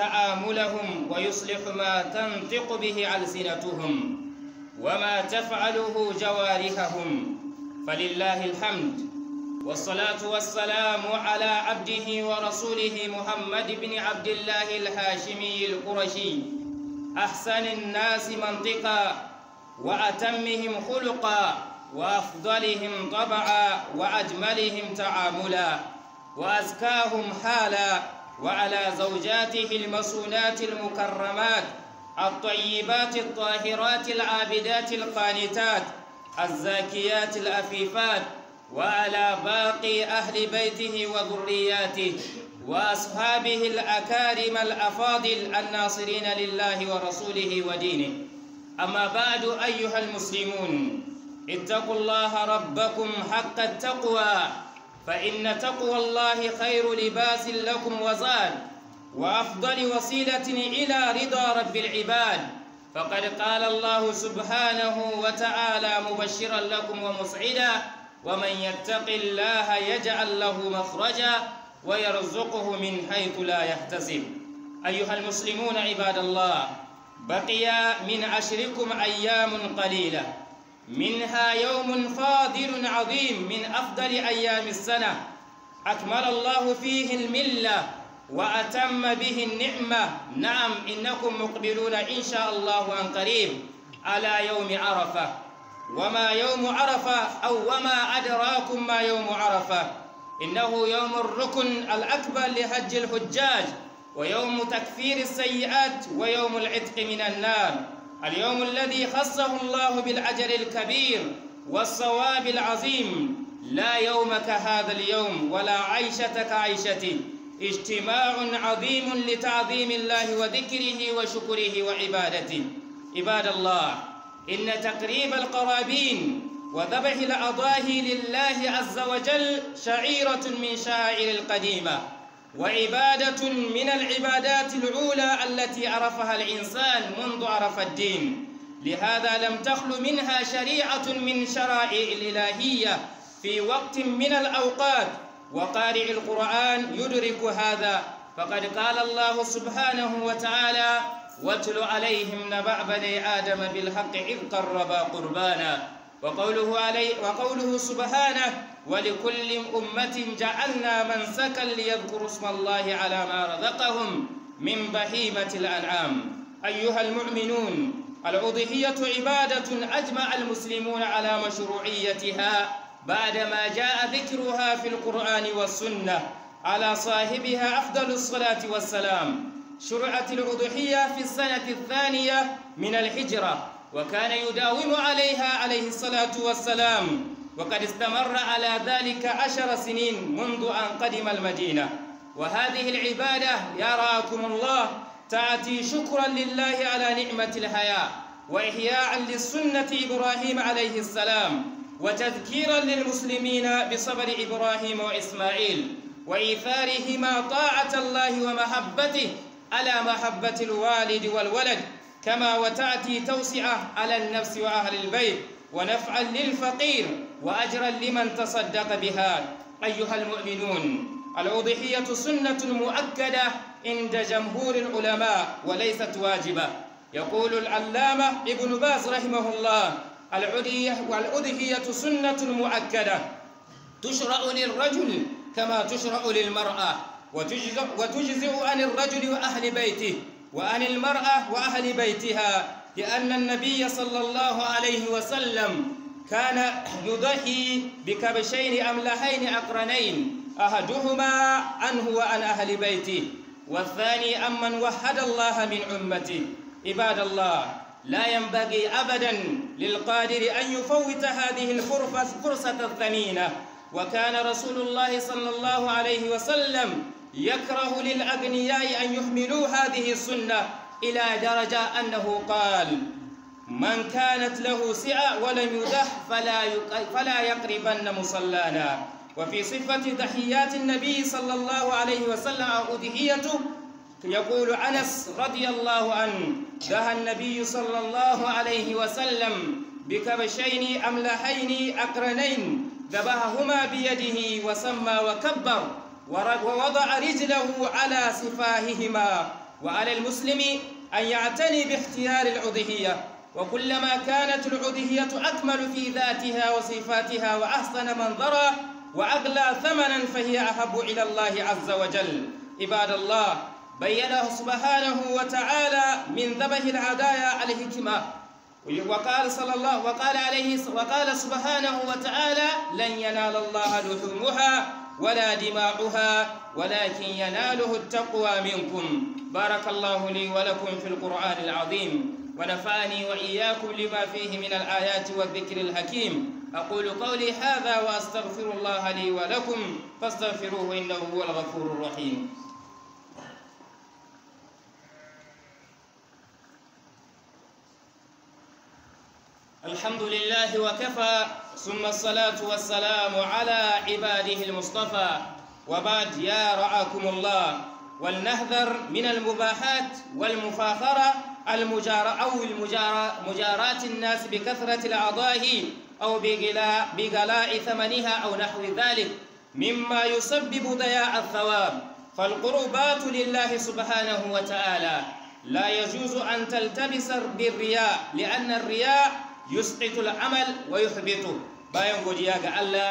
تعاملهم ويصلح ما تنطق به ألسنتهم وما تفعله جوارحهم فلله الحمد والصلاة والسلام على عبده ورسوله محمد بن عبد الله الهاشمي القرشي أحسن الناس منطقا وأتمهم خلقا وأفضلهم طبعا وأجملهم تعاملا وأزكاهم حالا وعلى زوجاته المصونات المكرمات الطيبات الطاهرات العابدات القانتات الزاكيات الأفيفات وعلى باقي أهل بيته وذرياته وأصحابه الأكارم الأفاضل الناصرين لله ورسوله ودينه أما بعد أيها المسلمون اتقوا الله ربكم حق التقوى فإن تقوى الله خير لباس لكم وزاد وأفضل وسيلة إلى رضا رب العباد فقد قال الله سبحانه وتعالى مبشرا لكم ومسعدا ومن يتق الله يجعل له مخرجا ويرزقه من حيث لا يحتسب أيها المسلمون عباد الله بقي من عشركم أيام قليلة منها يوم فاضل عظيم من أفضل أيام السنة أكمل الله فيه الملة وأتم به النعمة نعم إنكم مقبلون إن شاء الله عن قريب على يوم عرفة وما يوم عرفة أو وما أدراكم ما يوم عرفة إنه يوم الركن الأكبر لهج الحجاج ويوم تكفير السيئات ويوم العتق من النار اليوم الذي خصه الله بالعجل الكبير والصواب العظيم لا يوم كهذا اليوم ولا عيشة كعيشته اجتماع عظيم لتعظيم الله وذكره وشكره وعبادته عباد الله إن تقريب القرابين وذبح الأضاهي لله عز وجل شعيرة من شعائر القديمة وعبادة من العبادات العولى التي عرفها الإنسان منذ عرف الدين لهذا لم تخل منها شريعة من شرائع الإلهية في وقت من الأوقات وقارئ القرآن يدرك هذا فقد قال الله سبحانه وتعالى واتل عليهم نبأ بني آدم بالحق إذ قربا قربانا وقوله, علي وقوله سبحانه ولكل أمة جعلنا منسكا ليذكروا اسم الله على ما رزقهم من بهيمة الأنعام أيها المؤمنون العضهية عبادة أجمع المسلمون على مشروعيتها بعدما جاء ذكرها في القرآن والسنة على صاحبها أفضل الصلاة والسلام شرعت الأضحية في السنة الثانية من الحجرة وكان يداوم عليها عليه الصلاة والسلام وقد استمر على ذلك عشر سنين منذ أن قدم المدينة وهذه العبادة يراكم الله تأتي شكرا لله على نعمة الحياة وإحياء للسنة إبراهيم عليه السلام وتذكيرا للمسلمين بصبر إبراهيم وإسماعيل وإيثارهما طاعة الله ومحبته على محبة الوالد والولد كما وتأتي توسعة على النفس وأهل البيت ونفعا للفقير وأجرا لمن تصدق بها أيها المؤمنون الأضحية سنة مؤكدة عند جمهور العلماء وليست واجبة يقول العلامة ابن باز رحمه الله والاضحيه سنة مؤكدة تشرع للرجل كما تشرع للمرأة وتجزئ, وتجزئ عن الرجل وأهل بيته وعن المرأة وأهل بيتها لأن النبي صلى الله عليه وسلم كان يضحي بكبشين أملحين أقرنين أحدهما عنه وعن أهل بيته والثاني أمن وحد الله من أمته عباد الله لا ينبغي أبدا للقادر أن يفوت هذه الفرصة الثمينة وكان رسول الله صلى الله عليه وسلم يكره للأغنياء أن يحملوا هذه السنة إلى درجة أنه قال من كانت له سعة ولم يدح فلا فلا يقربن مصلانا وفي صفة تحيات النبي صلى الله عليه وسلم أو أدهيته يقول أنس رضي الله عنه دها النبي صلى الله عليه وسلم بكبشين أملحين أقرنين ذبحهما بيده وسمى وكبر ووضع رجله على سفاههما وعلى المسلم أن يعتني باختيار الأضحية وكلما كانت العدهية أكمل في ذاتها وصفاتها وأحسن منظرا وأغلى ثمنا فهي أحب إلى الله عز وجل عباد الله بينه سبحانه وتعالى من ذبه العدايا عليهما وقال صلى الله وقال عليه وقال سبحانه وتعالى لن ينال الله لحومها ولا دماؤها ولكن يناله التقوى منكم بارك الله لي ولكم في القرآن العظيم ونفعني وإياكم لما فيه من الآيات والذكر الحكيم أقول قولي هذا وأستغفر الله لي ولكم فاستغفروه إنه هو الغفور الرحيم الحمد لله وكفى ثم الصلاة والسلام على عباده المصطفى وبعد يا رعاكم الله ولنحذر من المباحات والمفاخرة المجارة أو المجارة مجارات الناس بكثرة الأعضاء أو بغلاء, بغلاء ثمنها أو نحو ذلك مما يسبب ضياع الثواب فالقربات لله سبحانه وتعالى لا يجوز أن تلتبس بالرياء لأن الرياء يسقط العمل ويحبطه bayan godiya ga Allah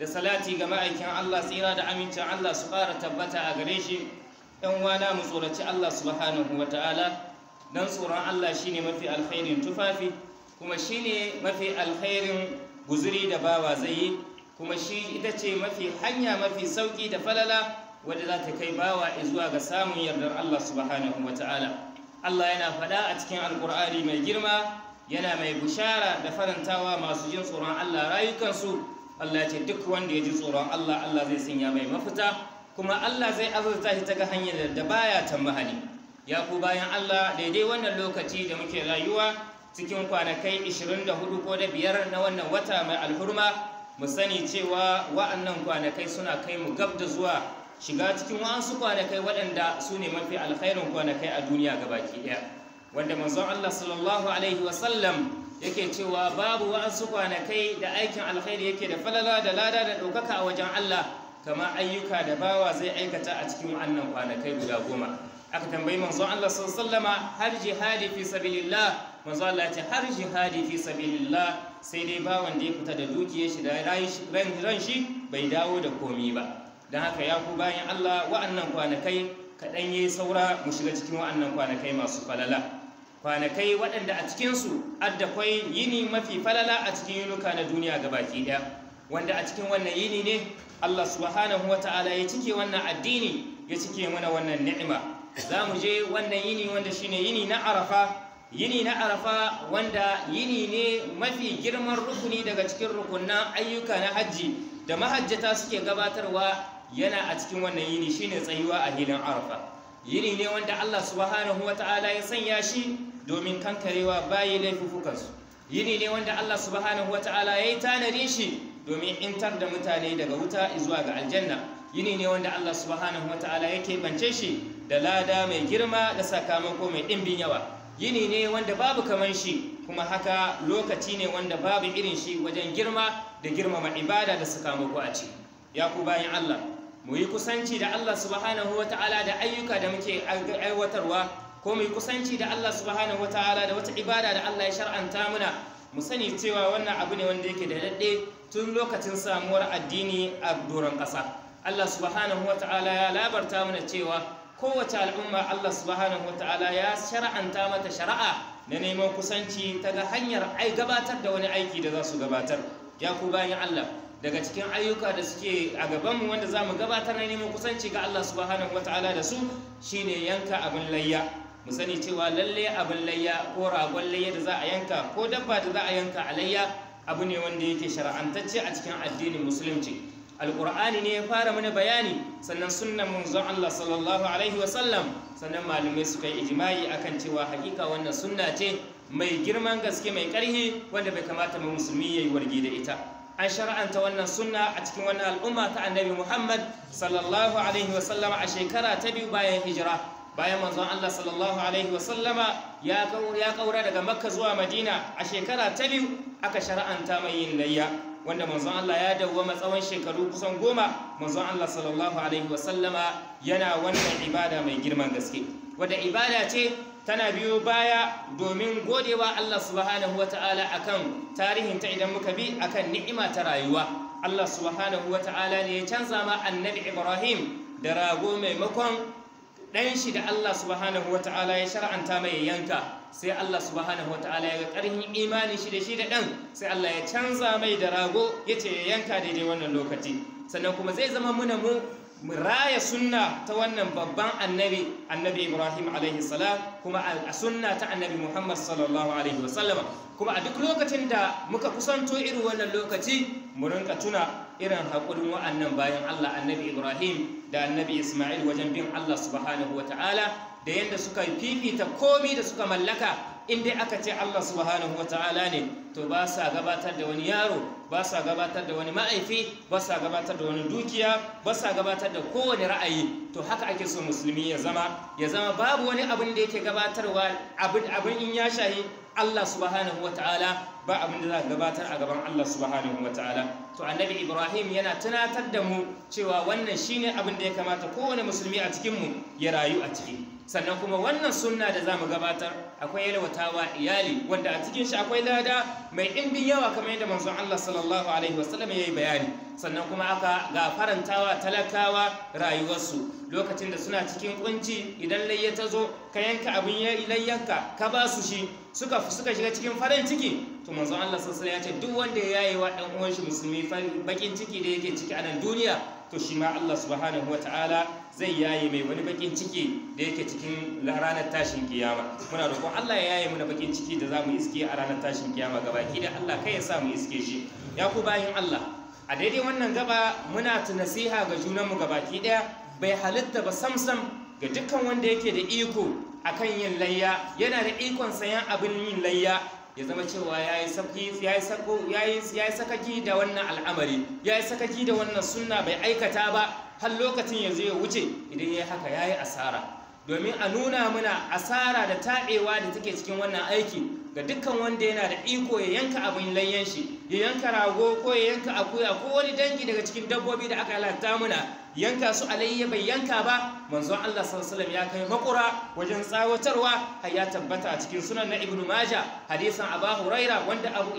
لصلاتي salati ga ma'aikin Allah tsira da amincin Allah su إن وانا مصورة الله سبحانه وتعالى dan tsoron Allah shine mafi alkhairin tufafi kuma shine mafi alkhairin guzuri da bawa zai yi kuma shi ita ce mafi hanya mafi sauki da falala wadda za ta kai bawa zuwa ga samun yardar Allah subhanahu wataala Allah yana faɗa a cikin alkur'ani mai girma yana mai bushara da farantawa masu jin tsoron Allah rayukansu Allah ce duk wanda ya ji tsoron Allah Allah zai sanya mai mafita kuma Allah zai azurta shi ta ga hanyar da baya tambahani ya ku bayan Allah daidai wannan lokaci da muke rayuwa cikin kwanakai 24 ko da biyar na wannan wata mai alhurma mu sani cewa wa'annan kwanakai suna kai mu gab da zuwa shiga cikin wa'ansu kwanakai waɗanda su ne mafi alkhairin kwanakai a duniya gabaki ɗaya wanda manzon Allah sallallahu alaihi wa sallam yake cewa babu wa'ansu kwanakai da aikin alkhairi yake da falala da lada da ɗaukaka a wajen Allah kamar ayyuka da bawa zai aikata a cikin wa'annan kwanakai guda goma aka tambayi manzo Allah sallama har jihadi fi sabilillah manzo Allah ce har jihadi fi sabilillah sai dai ba wanda ya fita da dukiyar shi da ran shi bai dawo da komi ba don haka ya ku bayan Allah wa'annan kwanakai kaɗan ya saura mu shiga cikin wa'annan kwanakai masu falala kwanakai waɗanda a cikinsu adda kwai yini mafi falala a cikin yunuka na duniya gabaki ɗaya wanda a cikin wannan yini ne Allah subhanahu wa ta'ala ya cike wannan addini ya cike mana wannan ni'ima za mu je wannan yini wanda shine yini na arafa yini na arafa wanda yini ne mafi girman rukuni daga cikin rukunan ayyuka na hajji da mahajjata suke gabatarwa yana a cikin wannan yini shine tsayuwa a hilin arafa yini ne wanda allah subhanahu ta'ala ya sanya shi domin kankarewa bayi laifufukansu yini ne wanda allah subhanahu ta'ala ya yi tanari shi domin intar da mutane daga wuta zuwa ga aljanna yini ne wanda allah subhanahu ta'ala ya keɓance shi da lada mai girma da sakamako mai ɗimbin yawa yini ne wanda babu kamar shi kuma haka lokaci ne wanda babu irin shi wajen girma da girmama ibada da sakamako a ci ya ku bayan Allah mu yi kusanci da Allah subhanahu ta'ala da ayyuka da muke aiwatarwa ko mu yi kusanci da Allah subhanahu ta'ala da wata ibada da Allah ya shar'anta muna mu sani cewa wannan abu ne wanda yake da daɗe tun lokacin samuwar addini a doron ƙasa Allah subhanahu ta'ala ya labarta mana cewa kowace al'umma Allah subhanahu wata'ala ya shara'anta mata shara'a na neman kusanci ta ga hanyar ai gabatar da wani aiki da za su gabatar ya ku bayan Allah daga cikin ayyuka da suke a gabanmu wanda za mu gabatar na neman kusanci ga Allah subhanahu wata'ala da su shi ne yanka abin layya mu sani cewa lalle abin layya ko ragon layya da za a yanka ko dabba da za a yanka a layya abu ne wanda yake shara'antacce a cikin addinin musulunci alƙur'ani ne ya fara mana bayani sannan sunnan manzon Allah sallallahu alaihi wa sallam sannan malamai suka yi ijimai akan cewa hakika wannan sunna ce mai girman gaske mai ƙarhi wanda bai kamata mai musulmi ya yi wargi da ita an shar'anta wannan sunna a cikin wannan al'umma ta annabi Muhammad sallallahu alaihi wa sallam a shekara ta biyu bayan hijira bayan manzon Allah sallallahu alaihi wa wasallama ya kaura daga Makka zuwa Madina a shekara ta biyu aka shar'anta mai yin layya wanda manzon Allah ya dawwama tsawon shekaru kusan goma manzon Allah sallallahu alaihi wasallama yana wannan ibada mai girman gaske wadda ibada ce tana biyo baya domin godewa Allah subhanahu wata'ala akan tarihin ta idan muka bi akan ni'ima ta rayuwa Allah subhanahu ta'ala ne ya canza ma annabi Ibrahim da rago maimakon ɗan shi da Allah subhanahu wa ta'ala ya shar'anta mai yanka sai Allah subhanahu wa ta'ala ya ga ƙarfin imanin shi da shi da ɗan sai Allah ya canza mai da rago ya ce ya yanka daidai wannan lokaci sannan kuma zai zama muna mu raya sunna ta wannan babban annabi annabi ibrahim alaihi salam kuma a sunna ta annabi muhammad sallallahu alaihi wasallama kuma a duk lokacin da muka kusanto irin wannan lokaci mu rinka tuna irin haƙurin wa'annan bayan Allah annabi Ibrahim da annabi Ismail wajen bin Allah subhanahu wata'ala da yadda suka fifita komi da suka mallaka inda aka ce Allah subhanahu wata'ala ne to ba sa gabatar da wani yaro ba sa gabatar da wani ma'aifi ba sa gabatar da wani dukiya ba sa gabatar da kowane ra'ayi to haka ake so musulmi ya zama ya zama babu wani abin da yake gabatarwa abin in ya shahi Allah subhanahu wata'ala ba abin da za ka gabatar a gaban Allah subhanahu wa ta'ala to annabi Ibrahim yana tunatar da mu cewa wannan shine abin da ya kamata kowane musulmi a cikin mu ya rayu a ciki sannan kuma wannan sunna da zamu gabatar akwai yalwatawa iyali wanda a cikin shi akwai lada mai ɗimbin yawa kamar yadda manzon Allah sallallahu alaihi wasallam yayi bayani sannan kuma aka gafarantawa talakawa rayuwarsu lokacin da suna cikin kunci idan layya ta zo ka yanka abin layyanka ka ba su shi suka suka shiga cikin farin ciki to manzon Allah sallallahu ya ce duk wanda ya yaye wa dan uwan shi musulmi bakin ciki da yake ciki a nan duniya to shi ma Allah subhanahu wataala zai yaye mai wani bakin ciki da yake cikin ranar tashin kiyama muna roƙon Allah ya yaye muna bakin ciki da zamu iske a ranar tashin kiyama gabaki da Allah kai ya sa mu iske shi ya ku bayin Allah a daidai wannan gaba muna ta nasiha ga junanmu gabaki daya bai halitta ba samsam ga dukkan wanda yake da iko akan yin layya yana da ikon sayan abin yin layya ya zama cewa ya yi sakaki da wannan al'amari ya yi sakaki da wannan suna bai aikata ba har lokacin ya zai wuce idan ya haka ya yi asara domin a nuna muna asara da taɗewa da take cikin wannan aiki ga dukkan wanda yana da iko ya yanka abin layyan shi ya yanka rago ko ya yanka akuya ko wani dangi daga cikin dabbobi da aka halatta muna yanka su alayya bai yanka ba manzon Allah sallallahu ya kai makura wajen tsawatarwa har ya tabbata a cikin sunan na Ibn Majah hadisin Abu Huraira wanda Abu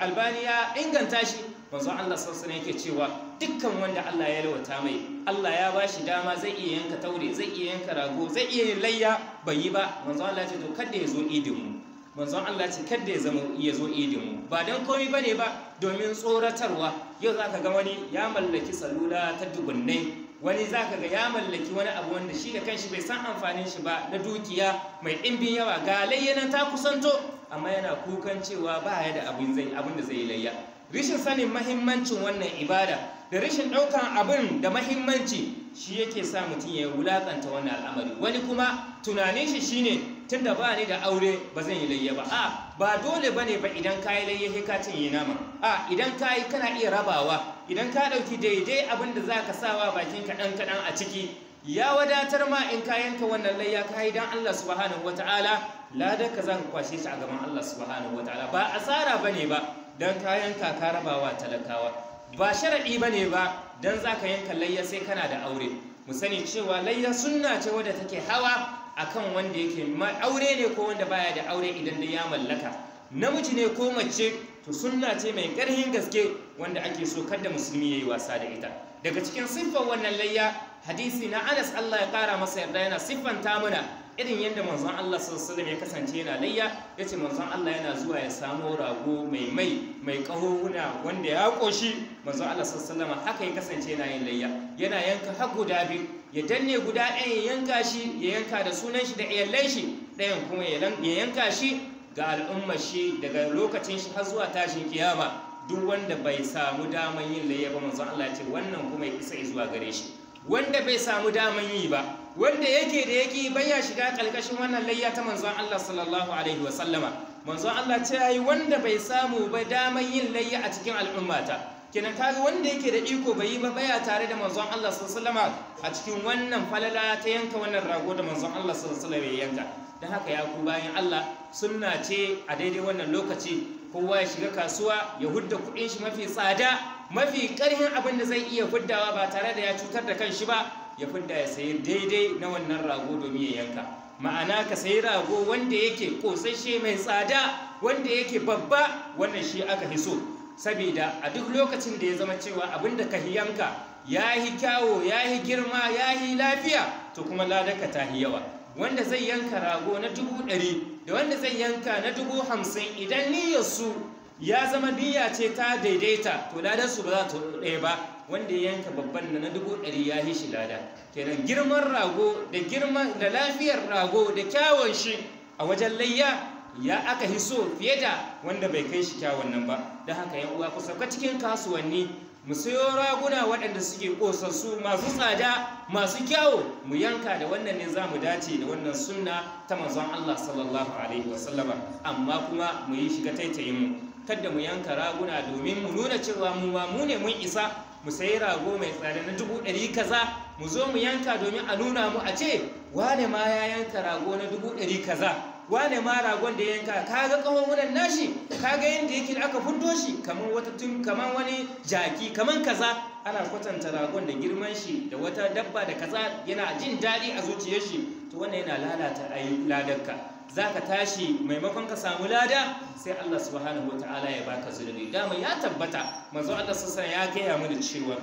Albani ya inganta shi manzon Allah sallallahu alaihi yake cewa dukkan wanda Allah ya rawata mai Allah ya bashi dama zai iya yanka taure zai iya yanka rago zai iya yin layya bai yi ba manzon Allah ya ce to kada ya zo idin mu manzon Allah ce kada ya zama ya zo idinmu ba don komai ne ba domin tsoratarwa yau zaka ga wani ya mallaki salula ta dugunnai wani zaka ga ya mallaki wani abu wanda shi da kanshi bai san amfanin shi ba na dukiya mai ɗimbin yawa ga layyana ta kusanto amma yana kukan cewa ba ya da abin zai abin da zai yi layya rashin sanin mahimmancin wannan ibada da rashin ɗaukan abin da mahimmanci shi yake sa mutum ya wulakanta wannan al'amari wani kuma tunanin shi shine tunda ba ni da aure ba zan yi layya ba a ba dole ba ne ba idan ka yi layya sai ka yana nama a idan ka yi kana iya rabawa idan ka ɗauki daidai abin da zaka sawa bakin kaɗan kaɗan a ciki ya wadatar ma in ka yanka wannan layya ka yi don Allah subhanahu wataala ladar ka za kwashe shi a gaban Allah subhanahu wataala ba asara ba ne ba don ka ka rabawa talakawa ba sharaɗi ba ne ba don za ka yanka layya sai kana da aure mu sani cewa layya sunna ce wadda take hawa akan wanda yake aure ne ko wanda baya da aure idan da ya mallaka namiji ne ko mace to suna ce mai ƙarhin gaske wanda ake so kada musulmi ya yi wasa da ita daga cikin siffar wannan layya hadisi na anas allah ya ƙara masa yarda yana siffanta mana irin yadda manzon Allah sallallahu ya kasance yana layya yace manzon Allah yana zuwa ya samo rago mai mai mai kahuna wanda ya koshi manzon Allah sallallahu haka ya kasance yana yin layya yana yanka har guda biyu ya danne guda ɗaya ya yanka shi ya yanka da sunan shi da iyalai shi ɗayan kuma ya yanka shi ga al'ummar shi daga lokacin shi har zuwa tashin kiyama duk wanda bai samu daman yin layya ba manzon Allah ya ce wannan kuma ya isa zuwa gare shi wanda bai samu daman yi ba wanda yake da yaki baya shiga ƙarƙashin wannan layya ta manzon Allah sallallahu alaihi wa sallama manzon Allah ce yayi wanda bai samu ba daman yin layya a cikin al'umma ta kenan kaga wanda yake da iko bai yi ba baya tare da manzon Allah sallallahu alaihi wa a cikin wannan falala ta yanka wannan rago da manzon Allah sallallahu alaihi wa yanka dan haka ya ku bayan Allah sunna ce a daidai wannan lokaci kowa ya shiga kasuwa ya hudda kuɗin shi mafi tsada mafi ƙarhin abin da zai iya huddawa ba tare da ya cutar da kan shi ba ya fidda ya sayi daidai na wannan rago domin ya yanka ma'ana ka sayi rago wanda yake ƙosashe mai tsada wanda yake babba wannan shi aka fi so saboda a duk lokacin da ya zama cewa abinda da ka yanka ya yi kyawo ya yi girma ya yi lafiya to kuma ladaka ta yi yawa wanda zai yanka rago na dubu ɗari da wanda zai yanka na dubu hamsin idan niyyarsu ya zama niyya ce ta daidaita to ladan su ba za ta ɗaya ba wanda ya yanka babban na dubu ɗari ya yi shi lada kenan girman rago da girman da lafiyar rago da kyawun shi a wajen layya ya aka hiso fiye da wanda bai kai shi kyawun nan ba don haka yan uwa ku sauka cikin kasuwanni mu sayo raguna waɗanda suke ƙosassu masu tsada masu kyawo mu yanka da wannan ne za mu dace da wannan sunna ta manzon Allah sallallahu alaihi wasallama amma kuma mu yi shiga taitayin mu kada mu yanka raguna domin mu nuna cewa mu ba mu ne mun isa mu sayi rago mai tsada na dubu ɗari kaza mu zo mu yanka domin a nuna mu a ce wane ma ya yanka rago na dubu ɗari kaza wane ma ragon da yanka ka kaga ƙahon nashi Ka kaga yadda yake da aka fito shi kamar wata tun kamar wani jaki kamar kaza ana kwatanta ragon da girman shi da wata dabba da kaza yana jin daɗi a zuciyar shi to wannan yana lalata ayi ladarka za ka tashi maimakon ka samu lada sai Allah subhanahu wa ta'ala ya baka zunubi dama ya tabbata manzo Allah sassan ya gaya mana cewa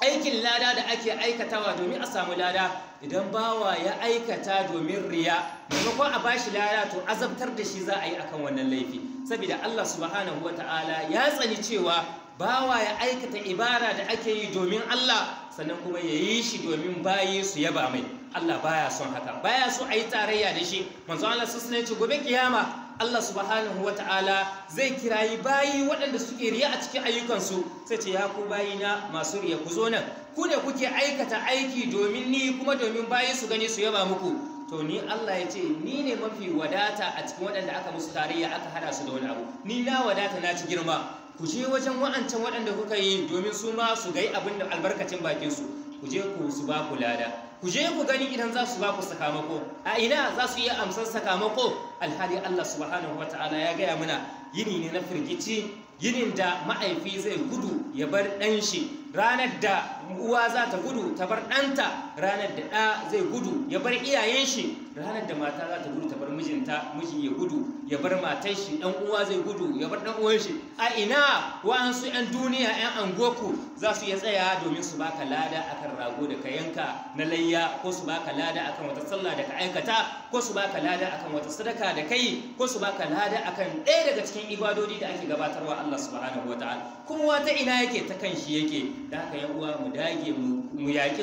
aikin lada da ake aikatawa domin a samu lada idan bawa ya aikata domin riya maimakon a bashi lada to azabtar da shi za a yi akan wannan laifi saboda Allah subhanahu wa ta'ala ya tsani cewa bawa ya aikata ibara da ake yi domin Allah sannan kuma ya yi shi domin bayi su yaba mai Allah baya son haka baya so a yi tarayya da shi manzo Allah su ya ce gobe kiyama Allah subhanahu wa Ta'ala zai kirayi bayi waɗanda suke riya a cikin ayyukansu sai ce ya ku na masu riya ku zo nan ku ne kuke aikata aiki domin ni kuma domin bayi su gani su yaba muku to ni Allah ya ce ni ne mafi wadata a cikin waɗanda aka musu tarayya aka hada su da wani abu ni na wadata na ci girma ku je wajen wa'ancan waɗanda kuka yi domin su ma su gai abin da albarkacin bakinsu ku je ku su ba ku lada ku je ku gani idan za su ba ku sakamako a ina za su iya amsar sakamako alhali Allah subhanahu wa ta'ala ya gaya mana yini ne na firgici yinin da ma'aifi zai gudu ya bar ɗan shi ranar da uwa za ta gudu ta bar ɗanta ranar da ɗa zai gudu ya bar iyayen shi ranar da mata za ta gudu ta bar mijinta miji ya gudu ya bar matan shi ɗan uwa zai gudu ya bar ɗan uwan shi a ina wa'ansu 'yan duniya 'yan angoku za su iya tsaya domin su baka lada akan rago da ka yanka na layya ko su baka lada akan wata sallah da ka aikata ko su baka lada akan wata sadaka da kai ko su baka lada akan ɗaya daga cikin ibadodi da ake gabatarwa Allah subhanahu wataala kuma wata ina yake ta kan shi yake da haka yi uwa mu dage mu yaƙi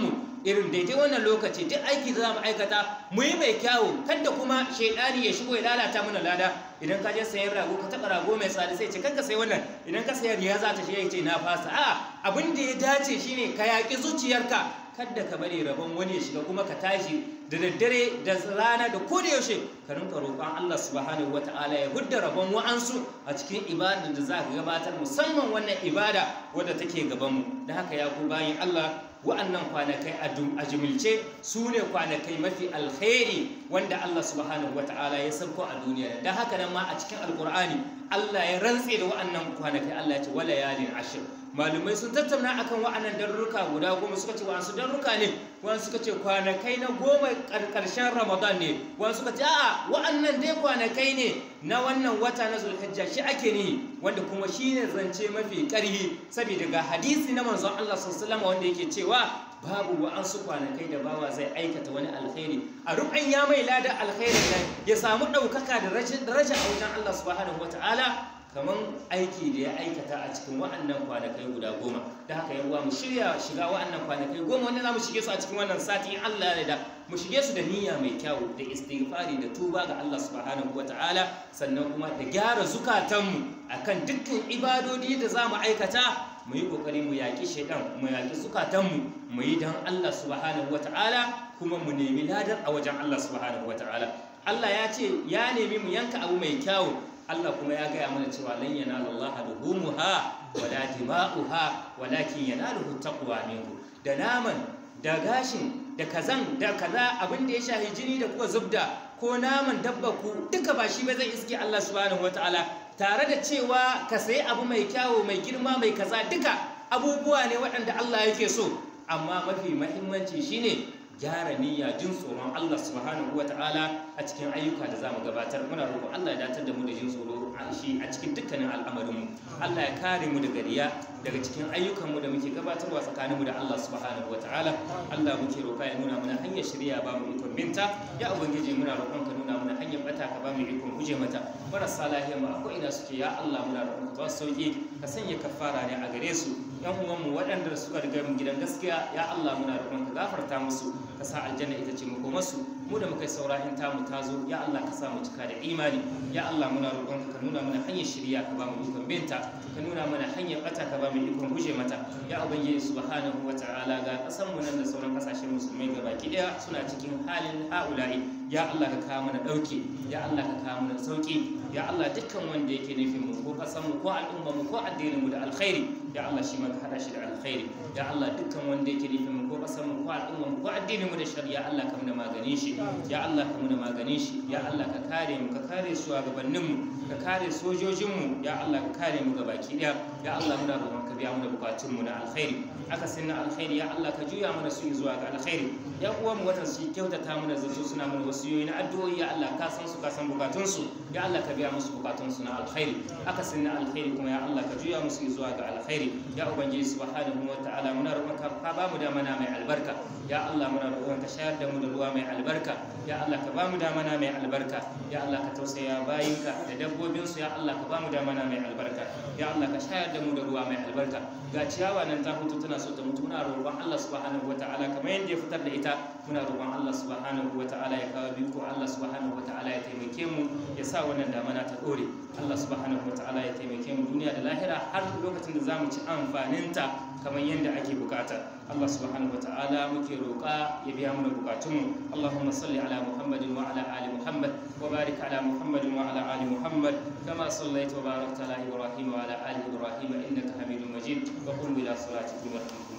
mu irin daidai wannan lokaci duk aiki za mu aikata mu yi mai kyawu kada kuma shaidani ya shigo ya lalata mana lada idan ka je sayan rago ka taɓa rago mai tsari sai ce kanka sai wannan idan ka sayar ya za ta shi ya ce na fasa a abin da ya dace shine ka yaki zuciyarka kadda ka bari rabon wani ya shiga kuma ka tashi da daddare da rana da ko da yaushe ka rinka roƙon Allah subhanahu ta'ala ya hudda rabon wa'ansu a cikin ibada da za ka gabatar musamman wannan ibada wadda take gaban mu. da haka ya ku bayan Allah wa'annan kwanakai a jimilce su ne kwanakai mafi alkhairi wanda Allah subhanahu ta'ala ya sauko a duniya da haka nan ma a cikin alkur'ani Allah ya rantse da wa'annan kwanakai Allah ya ce wala yalin ashir malumai sun tattauna akan wa'annan darruka guda goma suka ce wa'ansu darruka ne wa'an suka ce kwanakai na goma ƙarshen ramadan ne wa'an suka ce a'a wa'annan dai kwanakai ne na wannan wata na zulhijja shi ake ni wanda kuma shine ne zance mafi karhi saboda ga hadisi na manzon Allah sallallahu wanda yake cewa babu wa'ansu kwanakai da bawa zai aikata wani alkhairi a rubin ya mai lada alkhairi nan ya samu ɗaukaka da daraja a wajen Allah subhanahu wataala kamar aiki da ya aikata a cikin wa'annan kwanakai guda goma da haka yan mu shirya shiga wa'annan kwanakai goma wanda za mu shige su a cikin wannan sati in Allah ya da mu shige su da niyya mai kyau da istighfari da tuba ga Allah subhanahu wataala sannan kuma da gyara zukatanmu akan dukkan ibadodi da za mu aikata mu yi kokari mu yaƙi shaidan mu yaƙi zukatanmu mu yi don Allah subhanahu wataala kuma mu nemi ladar a wajen Allah subhanahu wataala Allah ya ce ya nemi mu yanka abu mai kyau. Allah kuma ya gaya mana cewa lan yanalallaha luhumuha wala dima'uha walakin yanaluhu taqwa minku da naman da gashin da kazan da kaza abin da ya shahi jini da kuka zubda ko naman dabba ku duka ba shi ba zai iske Allah subhanahu wataala tare da cewa ka sayi abu mai kyawo mai girma mai kaza duka abubuwa ne waɗanda Allah yake so amma mafi mahimmanci shine gyara niyya jin tsoron Allah subhanahu ta'ala a cikin ayyuka da zamu gabatar muna roƙon Allah ya datar da mu da jin tsoro a shi a cikin dukkanin al'amarinmu. Allah ya kare mu daga riya daga cikin ayyukan mu da muke gabatarwa tsakaninmu da Allah subhanahu ta'ala Allah muke roƙa ya nuna mana hanyar shari'a ba mu ikon binta ya ubangiji muna roƙon ka nuna mana hanyar bata ka ba mu ikon guje mata marasa lafiya mu akwai ina suke ya Allah muna roƙon ka sauki ka sanya kafara ne a gare su yan uwanmu waɗanda suka riga mu gidan gaskiya ya Allah muna roƙon ka gafarta musu ka sa aljanna ita ce mu su. mu da muka saura in tamu ta zo ya Allah ka sa mu cika da imani ya Allah muna roƙon ka nuna mana hanyar shirya ka ba mu dukan binta ka nuna mana hanyar bata ka ba mu ikon guje mata ya ubangiji subhanahu wa ta'ala ga kasan mu nan da sauran kasashen musulmai gabaki daya suna cikin halin haula'i ya Allah ka kawo mana dauke ya Allah ka kawo mana sauki ya Allah dukkan wanda yake nufin mu ko kasan mu ko al'umma mu ko addinin mu da alkhairi ya Allah shi ma ka hada shi da alkhairi ya Allah dukkan wanda yake nufin mu ko kasar mu ko al'umma mu ko addinin mu da shari'a Allah ka muna maganin shi ya Allah ka muna maganin shi ya Allah ka kare mu ka kare shugabannin mu ka kare sojojin mu ya Allah ka kare mu gabaki daya ya Allah muna roƙon ka biya mu da bukatun mu na alkhairi aka sinna alkhairi ya Allah ka juya mana su zuwa ga alkhairi ya uwan mu watan su kyautata mana zato suna mana wasiyoyi na addu'o'i ya Allah ka san su ka san bukatun su ya Allah ka biya musu bukatun su na alkhairi aka sinna alkhairi kuma ya Allah ka juya musu zuwa ga alkhairi alkhairi ya ubangiji subhanahu wa ta'ala muna roƙonka ka ba mu da mana mai albarka ya Allah muna roƙonka shayar da mu da ruwa mai albarka ya Allah ka ba mu da mana mai albarka ya Allah ka tausaya bayinka da dabbobinsu ya Allah ka ba mu da mana mai albarka ya Allah ka shayar da mu da ruwa mai albarka ga ciyawa nan ta fito tana so ta mutu muna roƙon Allah subhanahu wa ta'ala kamar yadda ya fitar da ita muna roƙon Allah subhanahu wa ta'ala ya kawo biyu Allah subhanahu wa ta'ala ya taimake mu ya sa wannan damana ta dore Allah subhanahu wa ta'ala ya taimake mu duniya da lahira har lokacin da zamu mu ci amfaninta kamar yadda ake bukata Allah subhanahu wa ta'ala muke roƙa ya biya mana bukatunmu Allahumma salli ala Muhammadin wa ala ali Muhammad wa barik ala Muhammadin wa ala ali Muhammad kama sallaita wa barakta ala Ibrahim wa ala ali Ibrahim innaka Hamidum Majid wa qum ila salatikum warhamkum